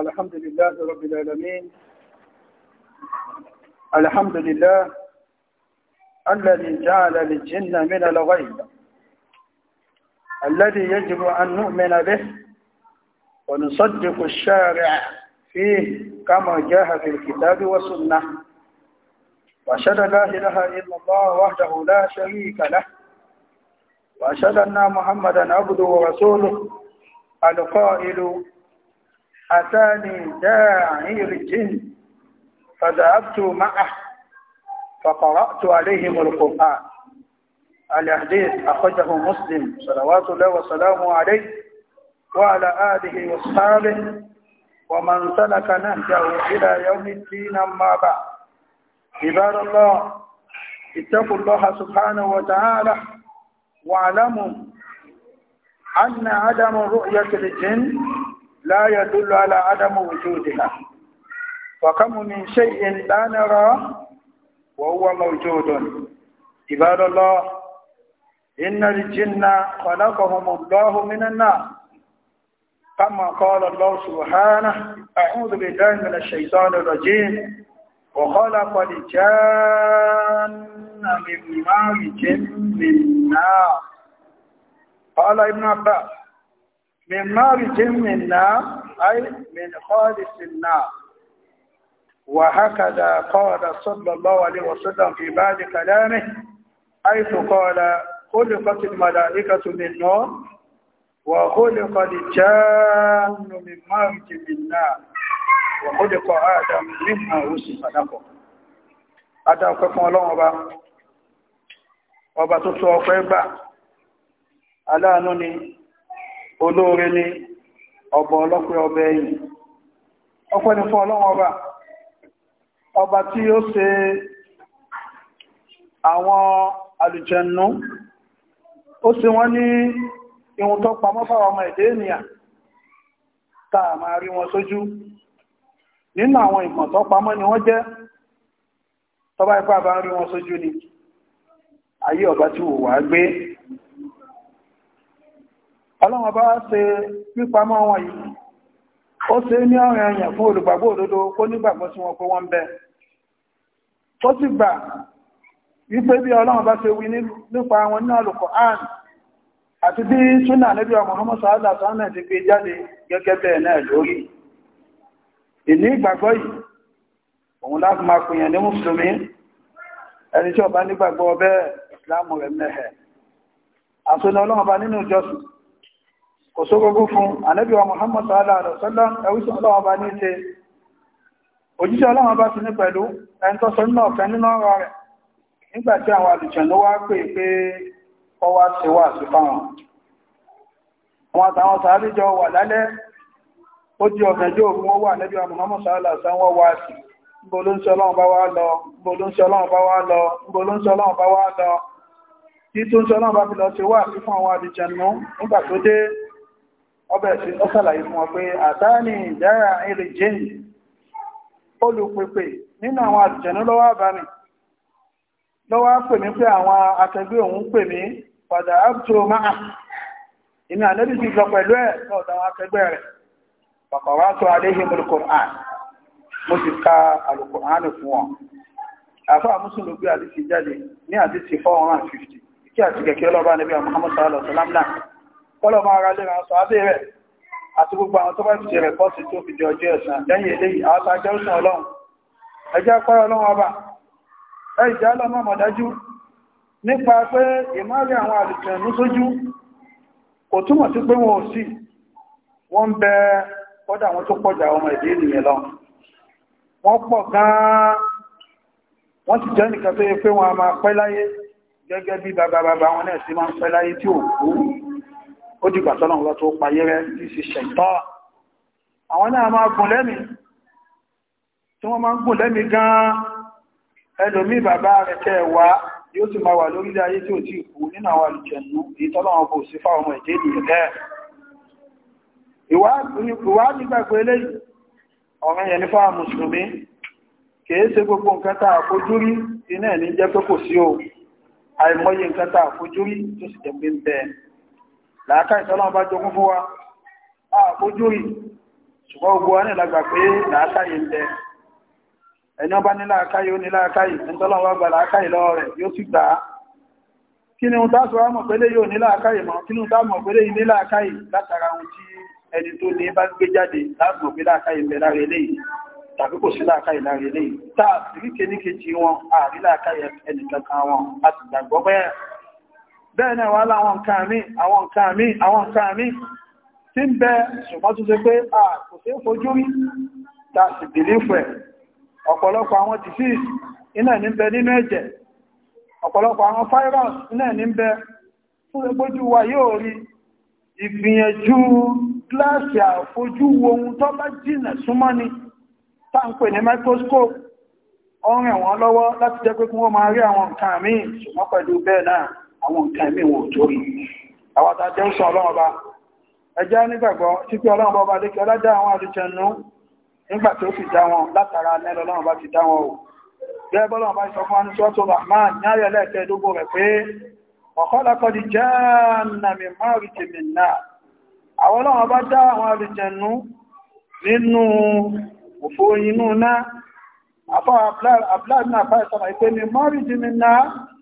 الحمد لله رب العالمين الحمد لله الذي جعل للجن من الغيب الذي يجب أن نؤمن به ونصدق الشارع فيه كما جاء في الكتاب والسنة وأشهد لا إله إلا الله وحده لا شريك له وأشهد أن محمدا عبده ورسوله القائل أتاني داعي الجن فذهبت معه فقرأت عليهم القرآن الحديث أخرجه مسلم صلوات الله وسلامه عليه وعلى آله وأصحابه ومن سلك نهجه إلى يوم الدين أما بعد عباد الله اتقوا الله سبحانه وتعالى واعلموا أن عدم رؤية الجن لا يدل على عدم وجودها وكم من شيء لا نرى وهو موجود عباد الله إن الجن خلقهم الله من النار كما قال الله سبحانه أعوذ بالله من الشيطان الرجيم وخلق الجن من مارج من نار قال ابن عباس من مارج من نار أي من خالص النار وهكذا قال صلى الله عليه وسلم في بعد كلامه حيث قال خلقت الملائكة من نور وخلق الجان من مارج من نار وخلق آدم مما وصف لكم أتوقفوا الله أبا أبا تتوقف أبا ألا نني olóore ní ọba ọlọ́pẹ́ ọba ẹ̀yìn ọpẹ́ ni fún ọlọ́wọ́n ọba ọba tí ó ṣe àwọn àlùjànnú ó ṣe wọ́n ní ihun tó pamọ́ fáwọn ọmọ èdè ènìyàn táà máa rí wọn sójú nínú àwọn ìmọ̀ tó pamọ́ ni wọ́n jẹ́ tọ́bá ipá bá ń rí wọn sójú ni ayé ọba tí wò wá gbé ọlọ́run bá ṣe pípamọ́ wọn yìí ó ṣe ní ọ̀rẹ́ ẹ̀yàn fún olùgbàgbọ́ òdodo kó nígbàgbọ́ sí wọn pé wọ́n ń bẹ tó sì gbà wípé bí ọlọ́run bá ṣe wí nípa wọn ní Al-Qur'an àti bí súnà níbi Muhammad sallallahu alaihi wasallam ti gbé jáde gẹ́gẹ́ bẹ́ẹ̀ náà lórí ìní ìgbàgbọ́ yìí òun láti máa pèèyàn ní mùsùlùmí ẹni tí ọba nígbàgbọ́ bẹ́ẹ̀ láàmù rẹ̀ mẹ́hẹ̀ àṣọ́nà ọlọ́run bá nínú ìjọsìn kò sógógún fún ànábíwa Muhammad sallallahu alaihi wasallam ẹwùsùn ọlọ́wọ́ bá ní ṣe òjíṣẹ́ ọlọ́wọ́ bá ti ní pẹ̀lú ẹni tó sọ nínú ọ̀fẹ́ nínú ọ̀rọ̀ rẹ̀ nígbàtí àwọn àlùjànnú wá pè pé ọ wá ṣe wà sí fáwọn àwọn àtàwọn Muhammad sallallahu alaihi wasallam wọ́n wá sí ìbòlóńsọ́ ọlọ́wọ́ bá wá lọ ìbòlóńsọ́ ọlọ́wọ́ bá wá lọ ìbòlóńsọ́ ọlọ́wọ́ bá ọbẹ̀ sí ó sàlàyé fún wọn pé àtàní ìdára irin jẹ́yìn olùpèpè nínú àwọn àjẹ̀nú lọ́wọ́ àbámi lọ́wọ́ pè mí pé àwọn akẹgbẹ́ òun pè mí padà ápùtò máa ìní ànẹ́bí ti lọ pẹ̀lú ẹ̀ lọ́ọ̀dọ̀ àwọn akẹgbẹ́ rẹ̀ pàpàwà tó aléhìn olùkọ̀rán mo ti ka alùkọ̀rán fún wọn àfáà mùsùlùmí kọ́lọ̀ máa ra lẹ́ra sọ abẹ́ rẹ̀ àti gbogbo àwọn tó bá ti rẹ̀ pọ́ sí tó fi jẹ ọjọ́ ẹ̀sàn lẹ́yìn eléyìí àwọn tàjẹ́ òsàn ọlọ́run ẹjẹ́ pẹ́rọ ọlọ́run ọba ẹjẹ́ ọlọ́mọ mọ̀dájú nípa pé ìmọ́rin àwọn àlùjẹ̀nú sójú kò túmọ̀ sí pé wọn ò sí wọ́n bẹ kọ́dà wọn tó pọ̀jà ọmọ ìdí ènìyàn lọ wọ́n pọ̀ gan-an wọ́n ti jẹ́ nìkan tó yẹ pé wọn a máa pẹ́ láyé gẹ́gẹ́ bí bàbá bàbá wọn náà sì máa ń pẹ́ láyé tí ò kú ó dìgbà tọ́nà wọ́n tó payé rẹ̀ tí sì ṣẹ̀tọ́ àwọn náà máa gùn lẹ́mí tí wọ́n máa gùn lẹ́mí gan ẹlòmí bàbá rẹ̀ kẹwàá yóò sì máa wà lórílẹ̀ ayé tí ò tí kú nínú àwọn àlùjẹ̀nú èyí tọ́lọ̀ wọn kò sí fáwọn ọmọ ẹ̀jẹ̀ làákà ìsọ́lọ́n bá jogún fún wa àkójú rí ṣùgbọ́n ogun wa ní ìlàgbà pé làákà yìí ń bẹ ẹni ọba ní làákà yìí ó ní làákà yìí ìsọ́lọ́n wa gba làákà yìí lọ́wọ́ rẹ̀ yóò sì gbà á kí ni ta sọ àmọ̀ pẹ́lẹ́ yóò ní làákà yìí mọ̀ kí ni ta mọ̀ pẹ́lẹ́ yìí ní làákà yìí látara ohun tí ẹni tó ní bá gbé jáde láàmọ̀ pé làákà yìí bẹ lára eléyìí tàbí kò sí làákà yìí lára eléyìí tá àbíríkè ní kejì wọn àrí làákà yìí ẹnìkankan wọn a sì gbàgbọ́ bẹ́ẹ̀ bẹ́ẹ̀ náà wà láwọn nǹkan àmì àwọn nǹkan àmì àwọn nǹkan àmì tí ń bẹ ṣùgbọ́n tó ṣe pé à kò sí fojú rí tàbí bìlífù ẹ̀ ọ̀pọ̀lọpọ̀ àwọn disease iná ní bẹ nínú ẹ̀jẹ̀ ọ̀pọ̀lọpọ̀ àwọn virus iná ní bẹ tó ṣe pójú wa yóò rí ìgbìyànjú gíláàsì àfojú ohun tó bá jìnà súnmọ́ ni táǹpẹ̀ ní microscope ọ̀rìn wọn lọ́wọ́ láti jẹ́ pé kí wọ́n máa rí àwọn nǹkan àmì ṣùgbọ́n pẹ̀lú bẹ́ẹ̀ náà àwọn nǹkan ẹ̀mí wọn ò torí àwọn àtàjẹ́ ń sọ ọlọ́run bá ẹjá nígbàgbọ́ tí pé ọlọ́run bọ́ba lékẹ́ ọlájá àwọn àlùjànnú nígbà tó fi dá wọn látara nẹ́lọ ọlọ́run bá ti dá wọn o gẹ́gẹ́ bọ́lọ́run bá sọ fún wọn sọ́tò rahman ní ayọ̀ lẹ́ẹ̀kẹ́ẹ̀dógún rẹ̀ pé ọ̀kọ́lákọ́dì jáàna mi márùn jèmì náà àwọn ọlọ́run bá dá àwọn àlùjànnú nínú òfò inú náà afọ́ àbúláàbí náà bá ìsọ̀rọ̀ ìpé mi márùn jèmì náà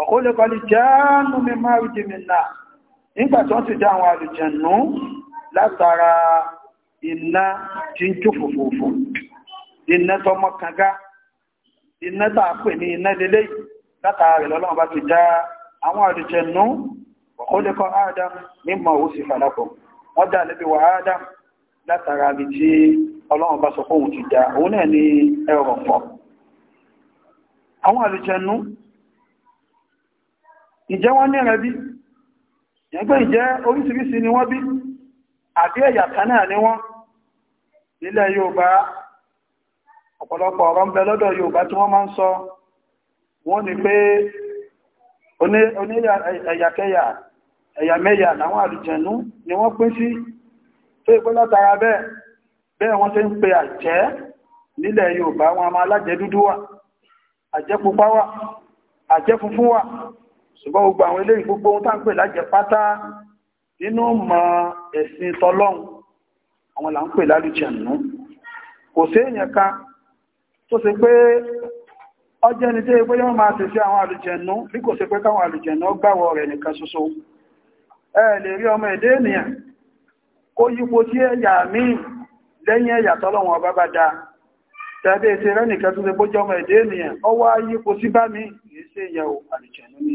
ọ̀kọ́lẹ́kọ́ lè jáánú mi máa rí jẹ́ mìíràn nígbà tí wọ́n ti dá àwọn àlùjànnú látara iná tí ń jó fòfòfò iná tó kanga iná tàà pè ní iná lélẹ́ látara rẹ̀ lọ́lọ́wọ́ bá ti dá àwọn àlùjànnú ọ̀kọ́lẹ́kọ́ Adam mímọ̀ ó sì falapọ̀ wọ́n dá lẹ́bí wa Adam látara bí tí Ọlọ́run bá sọ fóhun ti dá òun náà ní ẹrọ̀ pọ̀ àwọn àlùjànnú ìjẹ́ wọ́n ní ẹ̀rẹ́ bí ẹgbẹ́ ìjẹ́ oríṣiríṣi ni wọ́n bí àbí ẹ̀yà kan náà ni wọ́n nílẹ̀ Yorùbá ọ̀pọ̀lọpọ̀ ọ̀rọ̀ ń bẹ lọ́dọ̀ Yorùbá tí wọ́n máa ń sọ wọ́n ní pé oníyàkẹyà ẹ̀yà mẹ́yà láwọn àlùjẹ̀nú ni wọ́n pín sí tó ìpé látara bẹ́ẹ̀ bẹ́ẹ̀ wọ́n ti ń pe àjẹ́ nílẹ̀ Yorùbá wọn a máa alájẹ́ ṣùgbọ́n gbogbo àwọn eléyìí gbogbo ohun tá ń pè lájẹ pátá nínú mọ ẹ̀sìn tọlọ́hun àwọn là ń pè nù kò sí èèyàn kan tó ṣe pé ọjọ́ ẹni tó yẹ pé yọ́n máa tẹ̀sí àwọn àlùjẹ nù bí kò pé káwọn nù gbàwọ̀ rẹ̀ nìkan ṣoṣo ẹ lè rí ọmọ èdè ènìyàn kó yípo ẹ̀yà míì lẹ́yìn ẹ̀yà ọba bá rẹ̀ nìkan tó ṣe pé ọmọ èdè ènìyàn ọwọ́ sí bá mi ṣe ìyàwó nù ní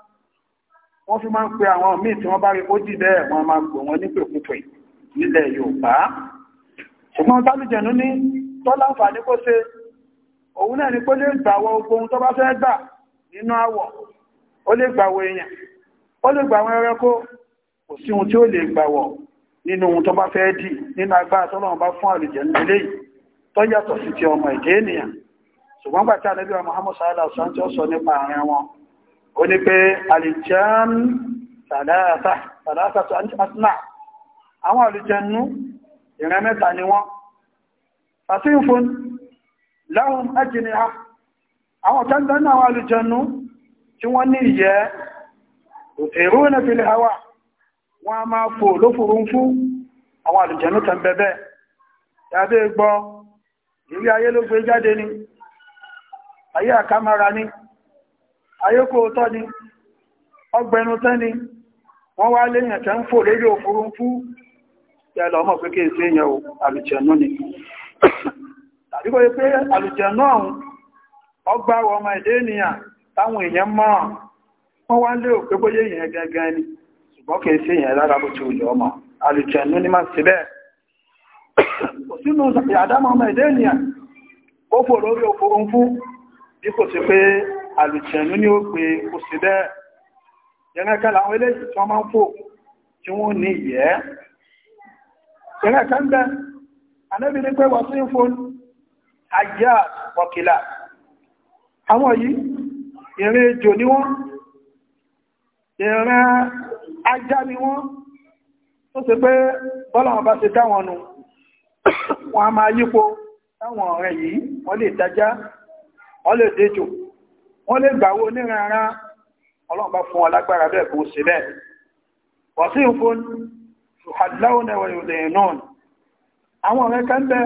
wọ́n fi máa ń pe àwọn míì tí wọ́n bá rí ó dì bẹ́ẹ̀ wọ́n máa pè wọ́n nípèkúpè nílẹ̀ Yorùbá ṣùgbọ́n tálùjẹ̀nú ní tọ́lá ń kó ṣe òun náà ni kó lè gbàwọ ogun tó bá fẹ́ gbà nínú àwọ̀ ó lè gbàwọ èèyàn ó lè gbàwọ ẹranko kò sí ohun tí ó lè gbàwọ nínú ohun tó bá fẹ́ dì nínú agbára tọ́lọ́run bá fún àlùjẹ̀nú eléyìí tó yàtọ̀ sí ti ọmọ ìdí ènìyàn ṣùgbọ́n gbàtí àlẹ́bíwá Muhammad sallallahu alaihi wasallam tí ó sọ nípa àárín wọn ó ní pé alìjẹ́m sàdásà tó asìmá àwọn alìjẹ́nú ìran mẹ́ta ni wọ́n fàṣífún láhùn ẹjìnì ha àwọn tẹ́gbẹ̀ẹ́ àwọn alìjẹ́nú tí wọ́n ní ìyẹ́ òtèrú ní fìlẹ̀ hawa wọ́n a máa fò lófurun fún àwọn alìjẹ́nú tẹ́gbẹ̀ẹ́ tàbí ayókò tọ́ ni ọgbẹ̀nu tán ni wọ́n wá léyàn tẹ́ ń fò lórí òfurufú yàlọ ọmọ pé kí èsì èyàn àlùjẹ̀nú ni tàbí yí pé àlùjẹ̀nú ọ̀hún ọgbà ọmọ èdè ènìyàn táwọn èèyàn mọ́ wọ́n wá lé òpé bóyé èèyàn gangan ni ṣùgbọ́n kì í sí lára bó ti wùlọ ọmọ àlùjẹ̀nú ni máa ṣe bẹ́ẹ̀ kò sínú ọmọ èdè ènìyàn ó fò lórí bí àlùjẹ̀nú ní ó pé ó sì bẹ́ẹ̀ yẹnẹ́kẹ́ láwọn eléyìí tí wọ́n máa ń fò tí wọ́n ní ìyẹ́ yẹnẹ́kẹ́ ń bẹ́ anẹ́bí ní pé wọ́n sí ń fò àjá wọ̀kìlà àwọn yìí ìrìn ejò ni wọ́n ìrìn ajá ni wọ́n tó sì pé bọ́lọ̀wọ̀n bá ti dáwọn nù wọ́n a máa yípo táwọn ọ̀rẹ́ yìí wọ́n lè dájá wọ́n lè déjò wọ́n lè gbàwó oníranran ọlọ́run bá fún alágbára bẹ́ẹ̀ kó ṣe bẹ́ẹ̀ wọ́n sí ń fún ṣùhàdìláwọ̀nẹ̀wọ̀ ìròyìn náà àwọn ọ̀rẹ́ kan bẹ́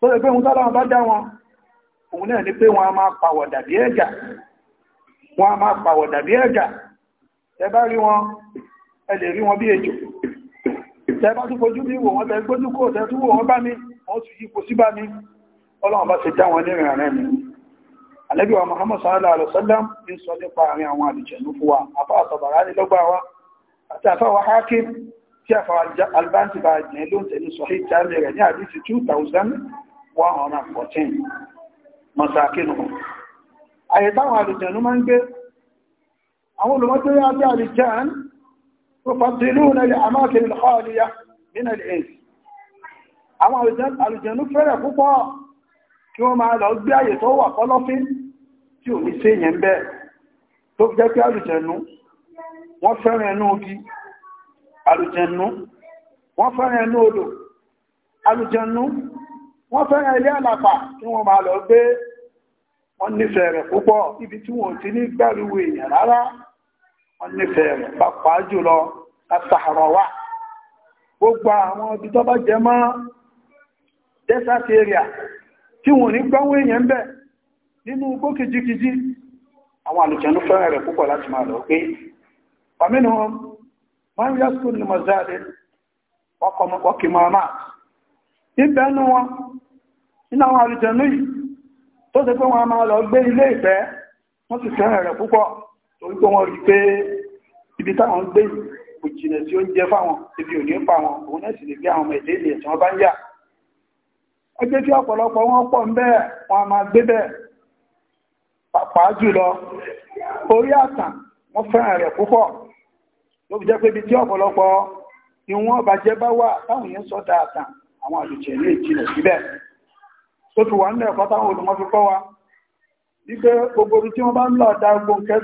tó lè pé ohun tọ́lọ́run bá dá wọn òun náà ni pé wọ́n a máa pàwọ̀dà bí ẹ̀gà wọ́n a máa pàwọ̀dà bí ẹ̀gà tẹ́ bá rí wọn dá wọn ní ìrìnàrẹ́ mi àlẹ́bíwà Muhammad sallallahu alaihi wasallam ń sọ nípa àrin àwọn àlùjẹ̀nú fún wa afá àtọ̀bàrá ní lọ́gbà wa àti àfáwà hakim tí àfà albanti bá jẹ́ ló ń tẹ̀lé sọ hí jáde rẹ̀ ní àdísì 2114 masakinu àyè táwọn àlùjẹ̀nú máa ń gbé àwọn olùmọ́tò yá bí àlùjẹ̀n tó fàtílù nílẹ̀ àmákìlì ọ̀ọ́lìyà nínú tí ò ní sí èyàn bẹ́ẹ̀ tó jẹ́ pé àlùjẹ̀nú wọ́n fẹ́ràn ẹnu ogi àlùjẹ̀nú wọ́n fẹ́ràn ẹnu odò àlùjẹ̀nú wọ́n fẹ́ràn ilé àlàpà tí wọ́n máa lọ gbé wọ́n nífẹ̀ẹ́ rẹ̀ púpọ̀ ibi tí wọ́n ti ní gbẹ̀rúwò èèyàn rárá wọ́n nífẹ̀ẹ́ rẹ̀ pàápàá jùlọ látàrọ̀ wà gbogbo àwọn ibi tó bá jẹ mọ́ desert area tí wọ́n ní gbọ́wọ́ èèyàn bẹ́ẹ̀ nínú igbó kìjíkìjí àwọn àlùjẹ̀nú fẹ́ràn rẹ̀ púpọ̀ láti máa lọ pé pàmínú wọn yá sùn ní mọ̀záde wọ́kì mọ́má ìbẹ̀nu wọn nínú àwọn àlùjẹ̀nú yìí tó ṣe pé wọn máa lọ gbé ilé ìfẹ́ wọ́n sì fẹ́ràn rẹ̀ púpọ̀ torí pé wọ́n rí pé ibi táwọn gbé kò o tí ó ń jẹ fáwọn ibi ò ní pa wọn òun náà sì lè gbé àwọn tí wọ́n bá ń yà ọjọ́ pàápàá jùlọ orí àtàn wọ́n fẹ́ràn rẹ̀ púpọ̀ ló fi jẹ́ pé ibi tí ọ̀pọ̀lọpọ̀ ni wọ́n bá jẹ́ bá wà táwọn yẹn sọ́dá àwọn àlùjẹ̀ ní ìjìnlẹ̀ síbẹ̀ tó fi wà nílẹ̀ olùmọ́ fi kọ́ wa wípé gbogbo tí wọ́n bá ń lọ da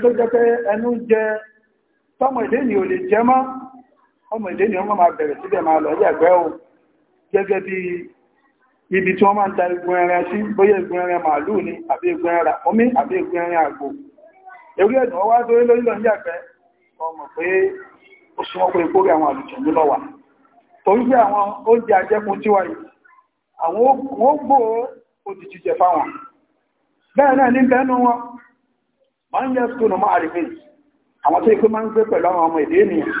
tó jẹ́ pé ẹnu jẹ tọmọ lè jẹ mọ́ lọ o gẹ́gẹ́ bibi tí wọ́n máa ń ta egun ẹran sí bóyá egun ẹran màálù ni àbí egun ẹran omi àbí egun ẹran àgbò ewé ẹ̀dùn ọwá tó rí ọmọ pé ó súnmọ́ pé kórè àwọn àlùjọ ló lọ́wà torí pé àwọn oúnjẹ ajẹ́kun tí wà na àwọn ó gbò jẹ fáwọn bẹ́ẹ̀ náà ní bẹ́ẹ̀nu wọn wọ́n yẹ skúlù máa ma àwọn tó ikú máa ń gbé pẹ̀lú àwọn ọmọ èdè ènìyàn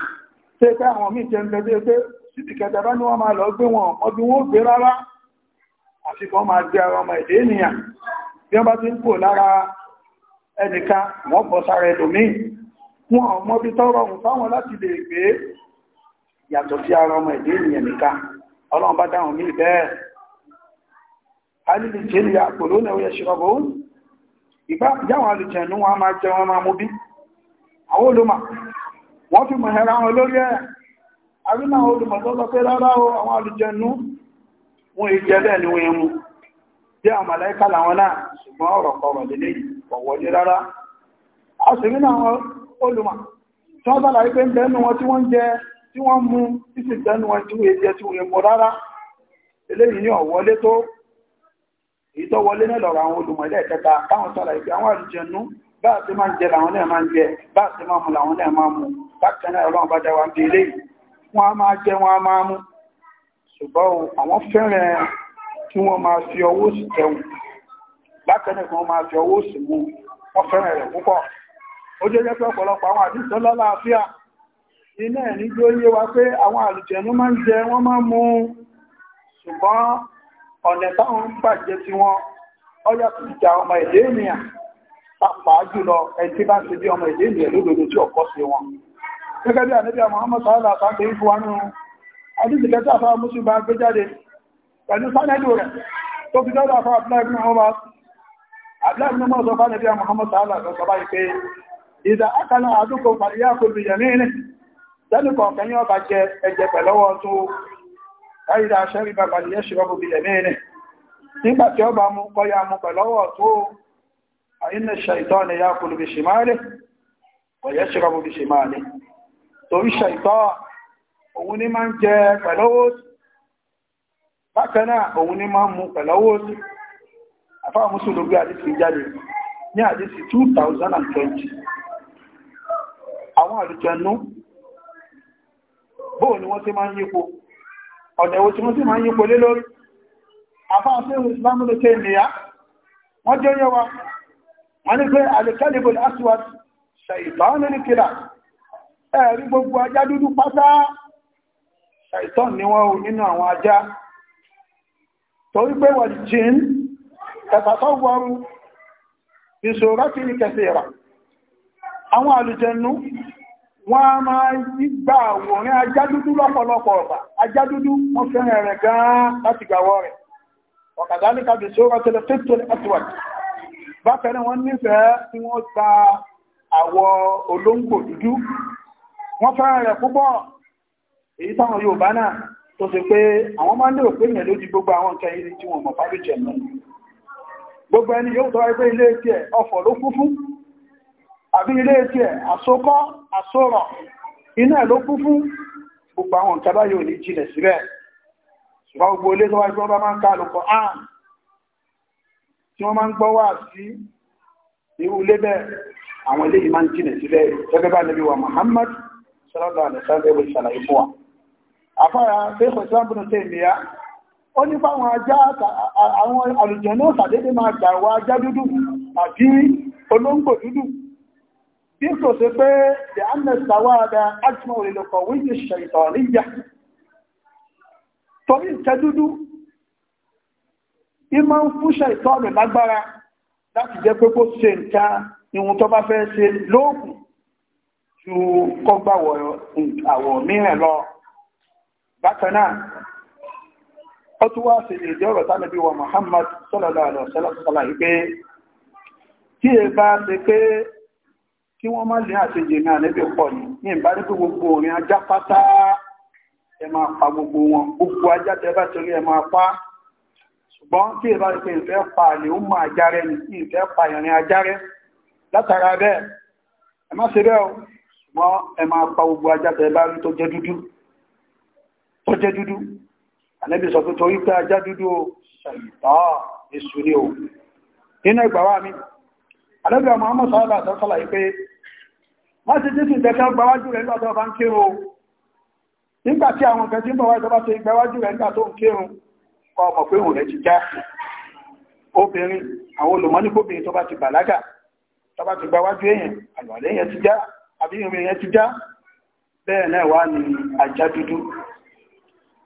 tó ikú àwọn míì bá àti kan máa gbé ara ọmọ èdè ènìyàn bí wọ́n bá ti ń kò lára ẹnìkan wọ́n bọ́ sára ẹlòmíì ọmọ bí tọ́rọ fáwọn láti lè gbé yàtọ̀ sí ara ọmọ èdè ènìyàn nìkan ọlọ́run bá dáhùn mí bẹ́ẹ̀ alìlì ìgbà alìjẹ̀nú wọn máa jẹ wọn máa mú bí àwọn olùmọ̀ fi mọ̀ wọn lórí ẹ̀ àrínà olùmọ̀ tó lọ pé rárá o àwọn wọ́n ìjẹ́ bẹ́ẹ̀ ni wọ́n mú bí àwọn màláíkà làwọn náà ṣùgbọ́n ọ̀rọ̀ kọrọ̀ lélẹ́ ọ̀wọ́lé rárá a sì rí náà olùmọ̀ tí wọ́n sálàrí pé ń bẹ́nu wọn tí wọ́n jẹ tí wọ́n mú títí bẹ́nu wọn tí wọ́n jẹ tí wọ́n mú rárá eléyìí ní ọ̀wọ́lé a máa mú ṣùgbọ́n àwọn fẹ́rẹ̀ kí wọ́n máa fi ọwọ́ sí tẹun lákẹ́lẹ̀ kan máa fi ọwọ́ sí mú wọ́n fẹ́rẹ̀ rẹ̀ púpọ̀ ó jẹ́ jẹ́ pé ọ̀pọ̀lọpọ̀ àwọn àdìsọ́ lálàáfíà iná ẹ̀ní jó yé wa pé àwọn àlùjẹ̀nú máa ń jẹ wọ́n máa ń mú ṣùgbọ́n ọ̀nà táwọn ń bàjẹ́ tí wọ́n ọyà tó ti jà ọmọ èdè ènìyàn pàápàá jùlọ ẹni tí bá ń ṣe bí ọmọ èdè ènìyàn lódodo tí ọkọ sí wọn gẹ́gẹ́ bí àníbíà Muhammad sallallahu alaihi wa sallam àdíjì kẹta àfáà mú sí bá gbé jáde pẹ̀lú sánẹ́dù rẹ̀ tó fi dọ́dọ̀ àfáà abúláìbìnà ọmọ abúláìbìnà mọ́ sọ fánẹ́bí a Muhammad sallá lọ sọ báyìí pé ìdá akala àdúkò fàríyà kò bí yẹ̀mí ní lẹ́nìkan kẹyìn ọba jẹ ẹjẹ pẹ̀lọ́wọ́ tó káyìdá aṣẹ́rí bàbá ní yẹ́ṣìrọ́bù bí òun ní máa ń jẹ pẹ̀lọ́wọ́ sí bákan náà òun ní máa ń mu pẹ̀lọ́wọ́ sí àfáà mùsùlùmí àdísì jáde ní àdísì 2020 àwọn àlùjẹnú bóò ni wọ́n ti máa ń yípo ọ̀nà ìwò tí wọ́n ti máa ń yípo lé lórí àfáà sí ìsìlámù ló tẹ́ ìnìyà wọ́n jẹ́ yẹ́wa wọ́n ní ṣàìtàn ni wọ́n o nínú àwọn ajá torí pé wọ́n jìn ẹ̀fàtọ́ wọ́rú ìṣòro tí ní kẹsẹ̀ rà àwọn àlùjẹnu wọ́n a máa gbígbà àwòrán ajá lọ́pọ̀lọpọ̀ ọ̀gbà ajá wọ́n fẹ́ràn rẹ̀ gan-an láti gbàwọ́ rẹ̀ ọ̀kàdálíkà bí èyí táwọn Yorùbá náà tó ṣe pé àwọn máa ń lè pé ìyẹn lójú gbogbo àwọn nǹkan yìí tí wọ́n mọ̀ fábí jẹ̀ mọ́ gbogbo ẹni yóò tọ́wọ́ pé ilé tí ẹ̀ ọ̀fọ̀ ló kún fún àbí ilé tí ẹ̀ àsokọ́ àsorọ̀ iná ẹ̀ ló kún fún gbogbo àwọn nǹkan báyìí ò ní jìnlẹ̀ síbẹ̀ ṣùgbọ́n gbogbo ilé tó wá sí wọ́n bá máa ń ká lùkọ́ àn tí wọ́n máa ń gbọ́ wà sí irú ilé bẹ́ẹ̀ àwọn ilé yìí máa ń jìnlẹ̀ síbẹ̀ gẹ́gẹ́ bá Nabi wa Muhammad sallallahu alaihi wa sallam àfára bẹ́ẹ̀ kọ̀sí àbúrò tẹ́ ìmìyà ó ní fáwọn ajá àwọn àlùjẹ̀ náà sàdédé máa gbà wá ajá dúdú àbí olóńgbò dúdú bí kò sí pé the amnesty àwáàdá ajmọ́ òrìlọ́kọ̀ wíjì ṣẹ̀tọ̀ níyà torí ìtẹ́ dúdú ìmọ̀ ń fún ṣẹ̀tọ̀ rẹ̀ lágbára láti jẹ́ pé kó ṣe nǹkan ìwọ̀n tó bá fẹ́ ṣe lóògùn ju kọgbàwọ̀ àwọ̀ mìíràn lọ bákan náà ó tún wá sí ìdí ọ̀rọ̀ tánàbí wa Muhammad sallallahu alaihi wasallam pé kí ẹ bá ṣe pé kí wọ́n má lè àṣejì ní ànẹ́bí pọ̀ ní ní pé gbogbo òrin ajá pátá ẹ máa pa gbogbo wọn gbogbo ajá tẹ bá torí ẹ máa pa ṣùgbọ́n kí ẹ bá rí pé ìfẹ́ pa àlè ó máa járẹ́ ní ìfẹ́ pa ìrìn ajárẹ́ látara bẹ́ẹ̀ ẹ má ṣe bẹ́ẹ̀ ṣùgbọ́n ẹ máa pa gbogbo ajá tẹ bá rí tó jẹ́ dúdú tó jẹ́ dúdú ànábì sọ pé torí pé ajá dúdú o ṣàyìtọ́ èṣù ni o nínú ìgbàwà mi ànábì Muhammad sọ́lá sọ́lá yìí pé má ti títí ìtẹ́kẹ́ gbáwájú rẹ̀ nígbà tó bá ń kírun nígbà tí àwọn nǹkan tí ń bọ̀ wáyé tó bá ṣe gbáwájú rẹ̀ nígbà tó ń kírun kọ ọmọ pé òun rẹ̀ ti já obìnrin àwọn olùmọ́nípòbìnrin tó bá ti bàlágà tó bá ti gbáwájú èèyàn àlọ́lẹ́yìn ti já àbí ìrìn yẹn ti já bẹ́ẹ̀ náà wá ní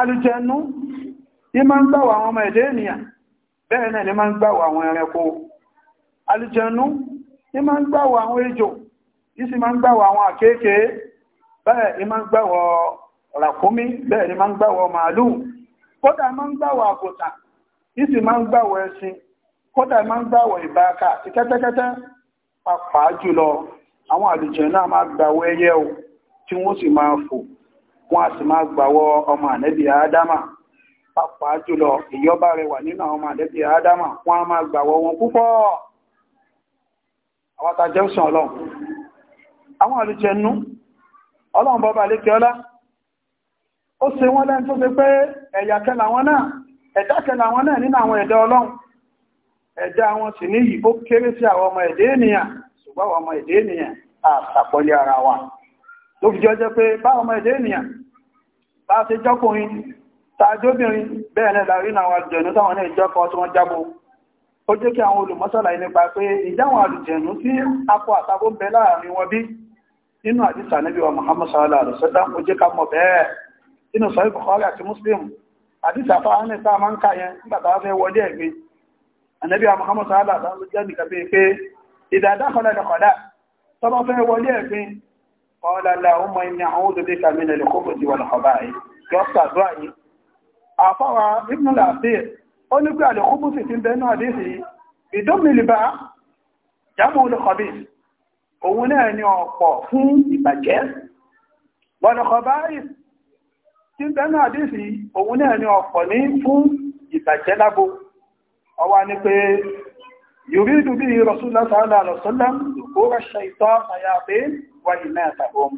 alìjẹnú ní máa ń gbàwà àwọn ọmọ ẹ̀dẹ́ ènìyàn bẹ́ẹ̀ náà ní máa ń àwọn ẹranko alìjẹnú ní máa ń gbàwà àwọn ejò yìí máa ń àwọn àkéèkéé bẹ́ẹ̀ ní máa ń gbàwà ràkúnmí bẹ́ẹ̀ ní máa ń ma màálù kódà máa ń gbàwà àgùntàn yìí máa ń gbàwà ẹṣin kódà máa ń gbàwà ìbáka àti kẹ́tẹ́kẹ́tẹ́ pàápàá jùlọ àwọn máa ẹyẹ o tí wọ́n wọ́n a sì máa gbàwọ́ ọmọ ànẹ́bí àádámà pàpà jùlọ ìyọ́bà rẹ̀ wà nínú ọmọ ànẹ́bí àádámà wọ́n a máa gbàwọ́ wọn púpọ̀ àwọn àtàjẹ́sùn ọlọ́run àwọn àlùjẹnú ọlọ́run bọ́bá lékẹ́ ọlá ó wọ́n lẹ́n tó fi pé ẹ̀yà wọn náà ẹ̀dá wọn náà nínú àwọn ẹ̀dá ọlọ́run ẹ̀dá wọn sì ó kéré sí ọmọ ènìyàn ṣùgbọ́n àwọn ọmọ ènìyàn ló fi jọ jẹ́ pé bá ọmọ ẹ̀dẹ́ ènìyàn bá ṣe jọ́kùnrin tàjóbìnrin bẹ́ẹ̀lẹ̀ láàrin àwọn àlùjẹ̀nú táwọn náà jọ́kọ́ tí wọ́n jábọ̀ ó jẹ́ kí àwọn olùmọ́sọ́làyé nípa bí nínú Muhammad sallallahu alaihi wasallam ó jẹ́ ká mọ̀ Muslim àdísà fáwọn ní sáà máa ń ká yẹn nígbà táwọn Muhammad sallallahu alaihi wasallam ló jẹ́ nìkan pé ìdàdá kọlẹ̀ lọ́kọ̀dá tọ́bọ́ fẹ́ wọlé ẹ̀gbin ọ̀lá làúmọ̀ ẹni àwọn òdòdó kàmínà lè kó bòdì wà lọ́kọ̀ọ́bá yìí lọ́sà àdúrà yìí àfọwà ibùn làásìr ó ní pé àlèkúbù sì ti ń bẹnu àdéhì ìdómìlìbá jámù olùkọ́bí òun náà tí ń àdéhì òun náà ni ọ̀pọ̀ ní fún ìbàjẹ́ lágbo ọwá ní pé yorùdù bí rasulullah sallallahu wáyé náà tàbọn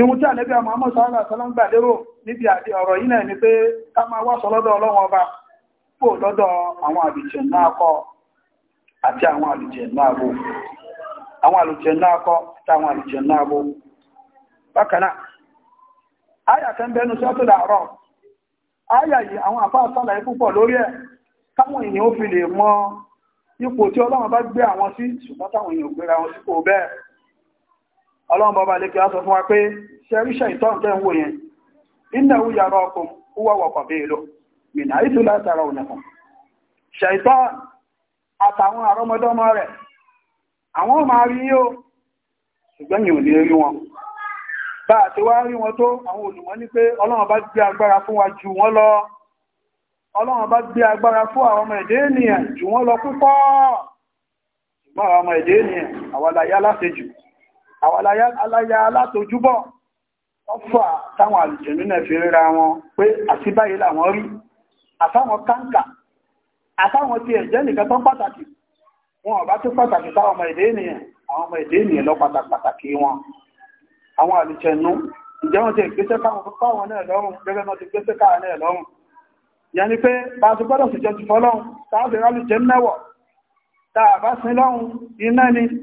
ìwọ̀n tí ànẹ́bí àmọ́ àmọ́ sọ́lá sọ́lọ́gbà lérò níbi àti ọ̀rọ̀ yìí náà pé ká sọ ọba pò àwọn àti àwọn kan bẹnu lè mọ ipò tí ọlọ́run bá gbé àwọn sí ṣùgbọ́n táwọn èèyàn gbéra wọn bẹ́ẹ̀ ọlọ́run bọ́bá lékè á sọ fún wa pé ṣẹ́ríṣẹ́ ìtọ́n tẹ́ ń wò yẹn iná ó yàrá ọkọ̀ ó wà wọ̀kọ̀ bí èlò mìnà ìtú látara ònàkan ṣẹ̀ìtọ́ àtàwọn àrọmọdọ́mọ rẹ̀ àwọn máa rí yóò ṣùgbọ́n yìí wọn bá àti wá rí wọn tó àwọn àwọn aláya alátojúbọ̀ ọfà táwọn àlùjẹ̀nú náà fi ríra wọn pé àti báyìí làwọn rí àtàwọn káńkà àtàwọn tí ẹ̀jẹ́ nìkan tó pàtàkì wọn ọ̀bá tó pàtàkì táwọn ọmọ èdè ènìyàn àwọn ọmọ èdè ènìyàn lọ pàtàkì wọn àwọn àlùjẹ̀nú ìjẹ́ wọn ti gbéṣẹ́ káwọn náà lọ́rùn gẹ́gẹ́ wọn ti gbéṣẹ́ káwọn náà lọ́rùn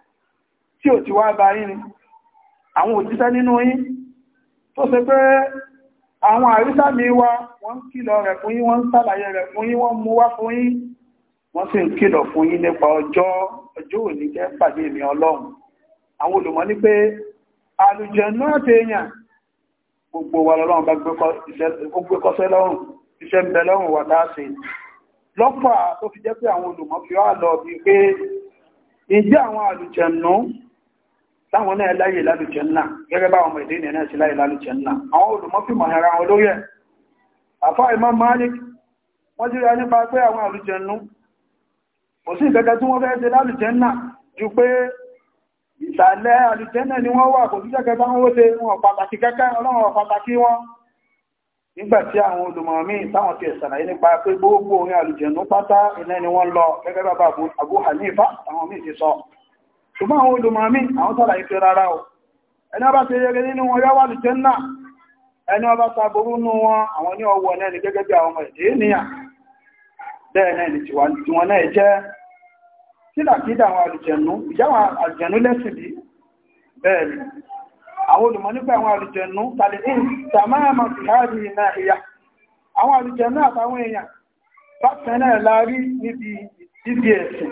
tí ò ti wá bá yín ni àwọn òjíṣẹ́ nínú yín tó ṣe pé àwọn àrísà mi wá wọ́n ń kìlọ̀ rẹ̀ fún yín wọ́n ń sàlàyé rẹ̀ fún yín wọ́n mú wá fún yín wọ́n sì ń kìlọ̀ fún yín nípa ọjọ́ ọjọ́ òní jẹ́ pàdé mi ọlọ́run àwọn olùmọ̀ ní pé àlùjànnú àti èèyàn gbogbo wa lọ́lọ́run bá gbé kọ́sẹ́ lọ́rùn iṣẹ́ ń bẹ lọ́rùn wà dáa lọ́pàá tó fi jẹ́ pé àwọn olùmọ̀ fi wá lọ bí pé ìjẹ́ àwọn àlùjànnú táwọn náà láyè lálùjẹ́ ńlá gẹ́gẹ́ bá ọmọ ìdí ìnìyàn náà sí láyè lálùjẹ́ ńlá àwọn olùmọ́fìmọ̀ ara wọn lórí ẹ̀ àfá Imam Malik wọ́n jíra nípa pé àwọn àlùjẹ̀nú kò sí ìkẹ́kẹ́ tí wọ́n fẹ́ ṣe lálùjẹ́nà ju pé ìsàlẹ̀ àlùjẹ́nà ni wọ́n wà kò sí jẹ́kẹ́ bá wọ́n ṣe wọn pàtàkì kẹ́kẹ́ ọlọ́run pàtàkì wọn nígbàtí àwọn olùmọ̀mí táwọn ti ẹ̀sàlàyé nípa pé gbogbo orin àlùjẹ̀nú pátá iná ni wọ́n lọ gẹ́gẹ́ bàbá Abu Hanifa àwọn míì ti sọ ṣùgbọ́n àwọn olùmọ̀mí àwọn sọ́lá ìfẹ́ rárá o ẹni ọba ṣe yẹgẹ nínú wọn yọ́wà lè jẹ́ náà ẹni ọba sàbúrú nú wọn àwọn ní ọwọ́ náà gẹ́gẹ́ bí àwọn ọmọ èdè bẹ́ẹ̀ náà ni tiwọn náà jẹ́ kílàkídà àwọn àlùjẹ̀nú ìjáwọn lẹ́sìn bí bẹ́ẹ̀ ni àwọn àwọn tàbí ní àwọn àtàwọn èèyàn láàrí níbi ẹ̀sìn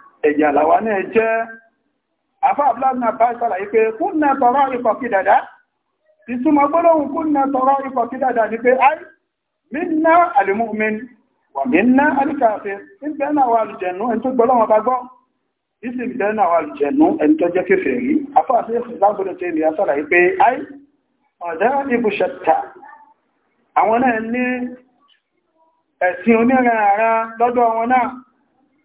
ẹ̀yà làwa náà jẹ́ afá àbúláàbùnà bá ṣàlàyé pé kún náà tọrọ ikọ̀ kí dàdá ìtumọ̀ gbólóhùn kún náà tọrọ ikọ̀ kí pé ai minna alimumin wà minna alikafir ń bẹ́ẹ̀ náà wà lùjẹ̀nú ẹni tó gbọ́lọ́wọ́ bá gbọ́ ìsì ń bẹ́ẹ̀ náà wà lùjẹ̀nú ẹni tó ai ọ̀dá ibùṣẹ̀ta àwọn náà ní ẹ̀sìn onírin ara, lọ́dọ̀ wọn náà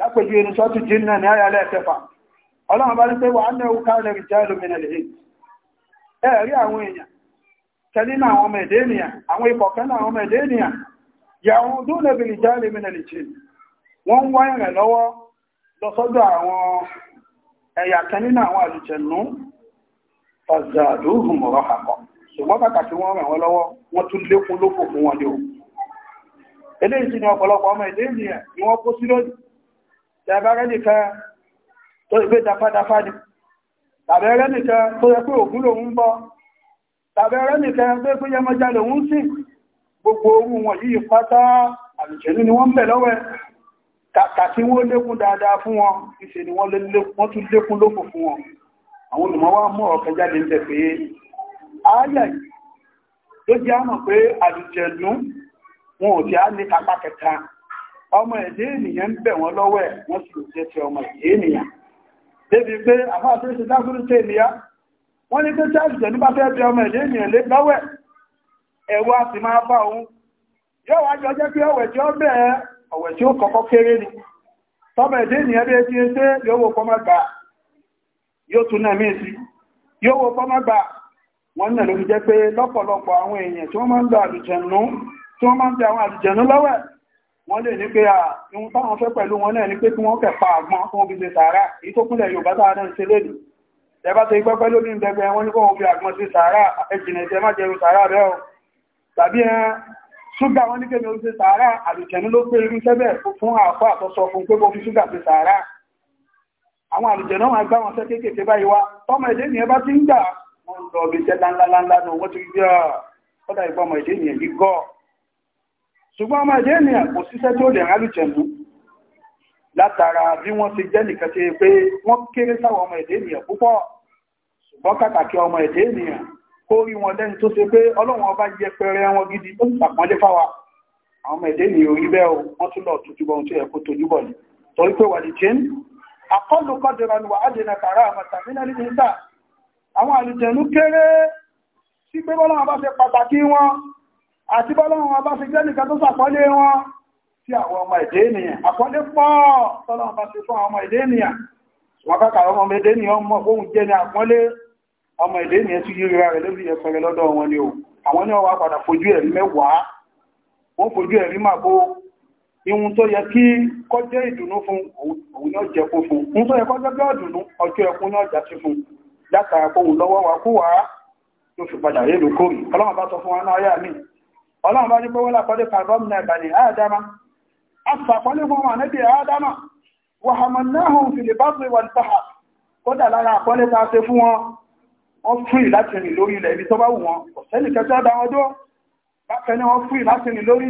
lápẹjú inú sọ́tù jínà ní ayà lẹ́ẹ̀kẹfà ọlọ́run bá ní pé wà á náà ká lè jẹ́ ìlúmìnà lè ẹ̀rí àwọn èèyàn tẹ́línà àwọn ọmọ èdè ènìyàn àwọn ìpọ̀kẹ́nà àwọn ọmọ èdè ènìyàn yàwọn ya bí lè jẹ́ ìlúmìnà lè wọ́n ń rẹ̀ lọ́wọ́ lọ tàbẹ́rẹ́ nìkan tó gbé tafádáfá ni tàbẹ́rẹ́ nìkan tó yẹ pé ògún lòun bọ́ tàbẹ́rẹ́ nìkan tó yẹ pé yẹmọjá lòun sí gbogbo orú wọn yìí pátá àlùjẹ̀nú ni wọ́n bẹ̀ lọ́wẹ́ kàkà tí wọ́n lékún dáadáa fún wọn ìṣe ni wọ́n tún lékún lófò fún wọn ọmọ ẹ̀dẹ́ ènìyàn ń bẹ̀ wọ́n lọ́wọ́ ẹ̀ wọ́n ti ọmọ ẹ̀dẹ́ ènìyàn débi pé àfáà ṣe tẹ́ wọ́n ní pé ọmọ ẹ̀dẹ́ ènìyàn lé lọ́wọ́ ẹ̀wọ́ a sì máa bá òun yóò wá jọ jẹ́ pé tí ó bẹ̀ẹ́ ni tọ́mọ ẹ̀dẹ́ ènìyàn bí yóò wo gbà yóò tún náà mí sí yóò wo gbà wọ́n náà ló fi jẹ́ pé lọ́pọ̀lọpọ̀ àwọn èèyàn tí wọ́n lè ní pé à ihun táwọn fẹ́ pẹ̀lú wọn náà ni pé kí wọ́n kẹ̀ pa àgbọn fún omi ṣe sàárà èyí tó kúnlẹ̀ Yorùbá tá a náà ń ṣe lédè ẹ̀bá ti pẹ́pẹ́ lórí ìdẹ́gbẹ́ wọn ní kó wọn fi àgbọn sí sàárà ẹ̀jìnà ìṣẹ́ má jẹun sàárà rẹ̀ o tàbí ẹ ṣúgà wọn ní kéde oṣù sàárà àlùjẹ̀nu ló pé irú sẹ́bẹ̀ fún àfọ́ àtọ́sọ fún pé kó fi ṣúgà sí sàárà àwọn àlùjẹ̀nu wọn gbá wọn sẹ́ kéékèèké báyìí wá tọ́mọ ìdé nìyẹn bá ti ń gbà ṣùgbọ́n ọmọ ẹ̀dẹ́ ènìyàn kò síṣẹ́ tó lè rán lùjẹ̀mú látara bí wọ́n ti jẹ́ nìkan ti pé wọ́n kéré sáwọn ọmọ ẹ̀dẹ́ ènìyàn púpọ̀ ṣùgbọ́n kàkàkì ọmọ ẹ̀dẹ́ ènìyàn kó rí wọn lẹ́ni tó ṣe pé ọlọ́run ọba yẹpẹrẹ wọn gidi ó sì pàpọ́nlé fáwa àwọn ọmọ ẹ̀dẹ́ ènìyàn orí bẹ́ẹ̀ o wọ́n tún lọ tuntun bọ́ tó yẹ kó tojú bọ̀ ni torí pé wà ní jẹ́ni àkọlù kọ́dìrà ni wà á dènà kàrà àmọ̀tà ní ìta àwọn àlùjẹ̀nú kéré sí pé bọ́lọ́run bá ṣe pàtàkì wọn àti bọ́lọ́run wọn bá fi jẹ́ nìkan tó sàpọ́lé wọn sí àwọn ọmọ èdè ènìyàn àpọ́lé pọ̀ tọ́lọ́run bá ti fún àwọn ọmọ èdè ènìyàn wọ́n kàkà ọmọ èdè ènìyàn mọ̀ fóhun jẹ́ ní àpọ́lé ọmọ èdè ènìyàn tí yíri rẹ̀ lórí ẹ̀fẹ̀rẹ̀ lọ́dọ̀ wọn ni o àwọn ní ọwà padà fojú ẹ̀rí mẹ́wàá wọ́n fojú ẹ̀rí máa bó ihun tó yẹ kí kọjẹ́ ìdùnnú fún òun ní ọjẹ́ kó fún un tó yẹ kọjẹ́ bí ọdùnnú ọjọ́ ẹkún ní ọjà sí fún látara kóhun lọ́wọ́ wa kú wá ló fi padà rélu ọlọ́run bá ní pé wọ́n lápọ́dé kàrọ́mù náà bani ádámá afàpọ́lé fún wọn níbi ádámà wàhàmànáhùn filibáṣì wà nítàhà kódà lára àpọ́lé ta ṣe fún wọn wọ́n fúrì láti rìn lórí ilẹ̀ ibi tó bá wù wọn kọ̀sẹ́nì kẹjọ́ dá wọn dó bákan ni wọ́n fúrì láti rìn lórí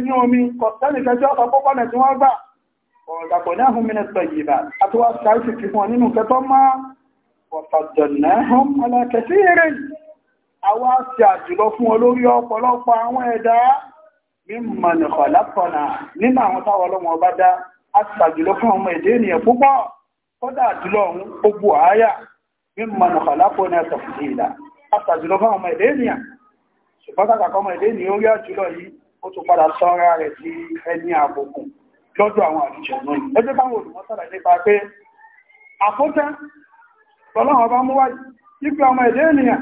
àwa ṣe àjùlọ fún ọ lórí ọ̀pọ̀lọpọ̀ àwọn ẹ̀dá mímọ̀ nìkọ̀ lápọ̀nà nínú àwọn táwọn ọlọ́wọ́n ọba dá a ti ṣàjùlọ fún ọmọ èdè ènìyàn púpọ̀ kódà àjùlọ ọ̀hún ó bu àáyà mímọ̀ nìkọ̀ lápọ̀nà ẹ̀sọ̀fìdì ìlà a ṣàjùlọ fún ọmọ èdè ènìyàn ṣùgbọ́n kàkàkọ́ ọmọ èdè ènìyàn orí àjùlọ yìí ó tún pé ọmọ èdè ènìyàn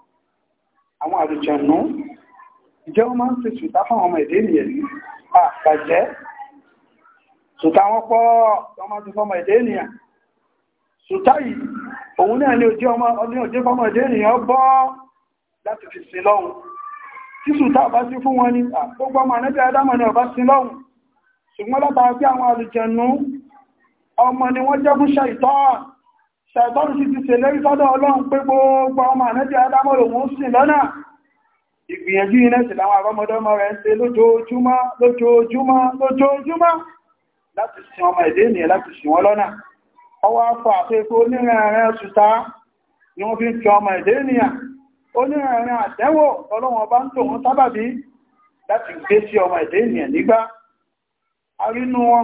àwọn àlùjọ̀nú ìjẹ́ wọ́n máa ń ṣe ṣùtá fáwọn ọmọ èdè ènìyàn ní àbàjẹ́ ṣùtá wọn pọ̀ wọ́n máa ń ṣe fọ́mọ èdè ènìyàn ṣùtá yìí òun náà ní òjé fọ́mọ èdè ènìyàn bọ́ láti fi sin lọ́hun tí ṣùtá bá sí fún wọn ni gbogbo ọmọ ànẹ́bí adámọ̀ ni ọba sin lọ́hun ṣùgbọ́n látara pé àwọn àlùjọ̀nú ọmọ ni wọ́n jẹ́ fún ṣàìtọ́ọ̀ ṣàìbọ́nù sí ti ṣe lérí sọ́dọ̀ ọlọ́run pé gbogbo ọmọ lọ́nà ìgbìyànjú iná láwọn rẹ̀ ń ṣe lójoojúmọ́ lójoojúmọ́ lójoojúmọ́ láti ọmọ èdè ènìyàn láti sin wọn lọ́nà afọ onírìnrìn ṣùtá ni wọ́n fi ń ọmọ èdè ènìyàn onírìnrìn àtẹ́wò ọlọ́wọ́n sábàbí láti gbé ọmọ èdè ènìyàn nígbà arínú wọn